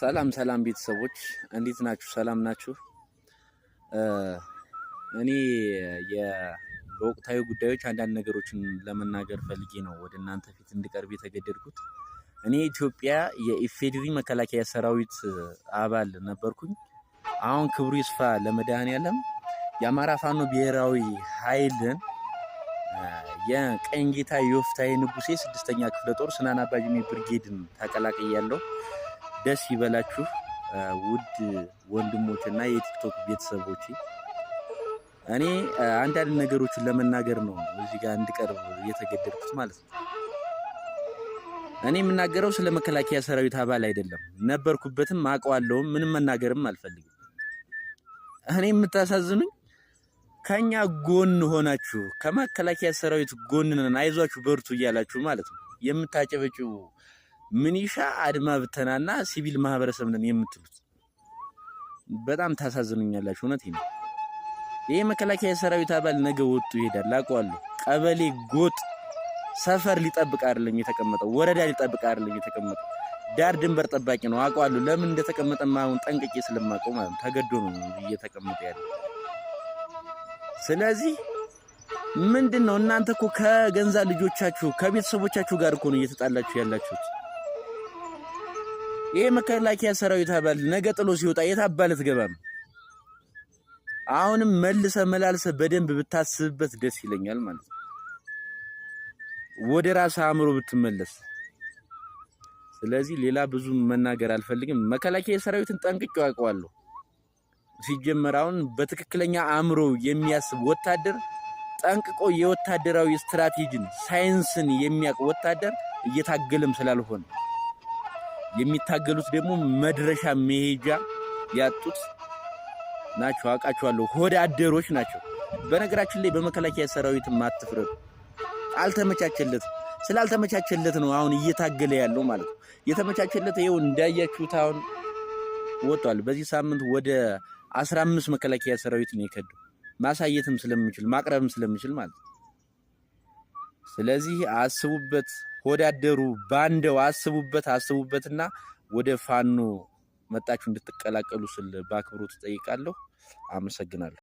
ሰላም ሰላም ቤተሰቦች እንዴት ናችሁ? ሰላም ናችሁ? እኔ በወቅታዊ ጉዳዮች አንዳንድ ነገሮችን ለመናገር ፈልጌ ነው ወደ እናንተ ፊት እንድቀርብ የተገደድኩት። እኔ ኢትዮጵያ የኢፌዴሪ መከላከያ ሰራዊት አባል ነበርኩኝ። አሁን ክብሩ ይስፋ ለመድኃኔዓለም የአማራ ፋኖ ብሔራዊ ኃይልን የቀኝ ጌታ ዮፍታሔ ንጉሴ ስድስተኛ ክፍለ ጦር ስናን አባጅሜ ብርጌድን ተቀላቅያለሁ። ደስ ይበላችሁ ውድ ወንድሞች እና የቲክቶክ ቤተሰቦች። እኔ አንዳንድ ነገሮችን ለመናገር ነው እዚህ ጋር እንድቀርብ እየተገደድኩት ማለት ነው። እኔ የምናገረው ስለ መከላከያ ሰራዊት አባል አይደለም፣ ነበርኩበትም አውቀዋለሁም። ምንም መናገርም አልፈልግም። እኔ የምታሳዝኑኝ ከኛ ጎን ሆናችሁ ከመከላከያ ሰራዊት ጎን ነን አይዟችሁ በርቱ እያላችሁ ማለት ነው የምታጨበጭቡ ምኒሻ አድማ ብተናና ሲቪል ማህበረሰብ ነን የምትሉት በጣም ታሳዝኑኛላችሁ። እውነት ነው። ይህ መከላከያ ሰራዊት አባል ነገ ወጡ ይሄዳል፣ አውቀዋለሁ። ቀበሌ፣ ጎጥ፣ ሰፈር ሊጠብቅ አይደለም የተቀመጠው፣ ወረዳ ሊጠብቅ አይደለም የተቀመጠው፣ ዳር ድንበር ጠባቂ ነው፣ አውቀዋለሁ። ለምን እንደተቀመጠ አሁን ጠንቅቄ ስለማውቀው ማለት ነው። ተገዶ ነው እየተቀመጠ ያለ። ስለዚህ ምንድን ነው እናንተ እኮ ከገንዛ ልጆቻችሁ ከቤተሰቦቻችሁ ጋር እኮ ነው እየተጣላችሁ ያላችሁት። ይሄ መከላከያ ሰራዊት አባል ነገ ጥሎ ሲወጣ የት አባል አትገባም። አሁንም መልሰ መላልሰ በደንብ ብታስብበት ደስ ይለኛል ማለት ነው። ወደ ራስ አእምሮ ብትመለስ። ስለዚህ ሌላ ብዙ መናገር አልፈልግም። መከላከያ ሰራዊትን ጠንቅቄ አውቀዋለሁ። ሲጀመር አሁን በትክክለኛ አእምሮ የሚያስብ ወታደር ጠንቅቆ የወታደራዊ ስትራቴጂን ሳይንስን የሚያውቅ ወታደር እየታገለም ስላልሆነ የሚታገሉት ደግሞ መድረሻ መሄጃ ያጡት ናቸው። አውቃቸዋለሁ። ሆደ አደሮች ናቸው። በነገራችን ላይ በመከላከያ ሰራዊት ማትፍረዱ አልተመቻቸለትም። ስላልተመቻቸለት ነው አሁን እየታገለ ያለው ማለት ነው። የተመቻቸለት ይኸው እንዳያችሁት አሁን ወጥቷል። በዚህ ሳምንት ወደ አስራ አምስት መከላከያ ሰራዊት ነው የከዱ ማሳየትም ስለምችል ማቅረብም ስለምችል ማለት ነው። ስለዚህ አስቡበት። ወዳደሩ ባንደው አስቡበት አስቡበትና ወደ ፋኖ መጣችሁ እንድትቀላቀሉ ስል በአክብሮት እጠይቃለሁ። አመሰግናለሁ።